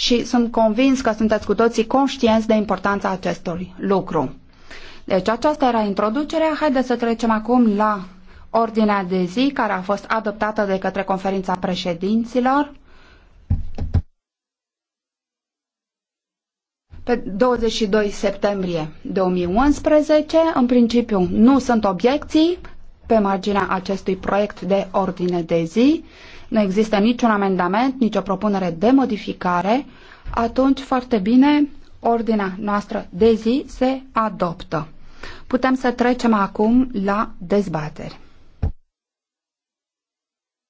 și sunt convins că sunteți cu toții conștienți de importanța acestui lucru. Deci aceasta era introducerea. Haideți să trecem acum la ordinea de zi care a fost adoptată de către conferința președinților. Pe 22 septembrie 2011, în principiu, nu sunt obiecții pe marginea acestui proiect de ordine de zi. Nu există niciun amendament, nicio propunere de modificare. Atunci, foarte bine, ordinea noastră de zi se adoptă. Putem să trecem acum la dezbateri.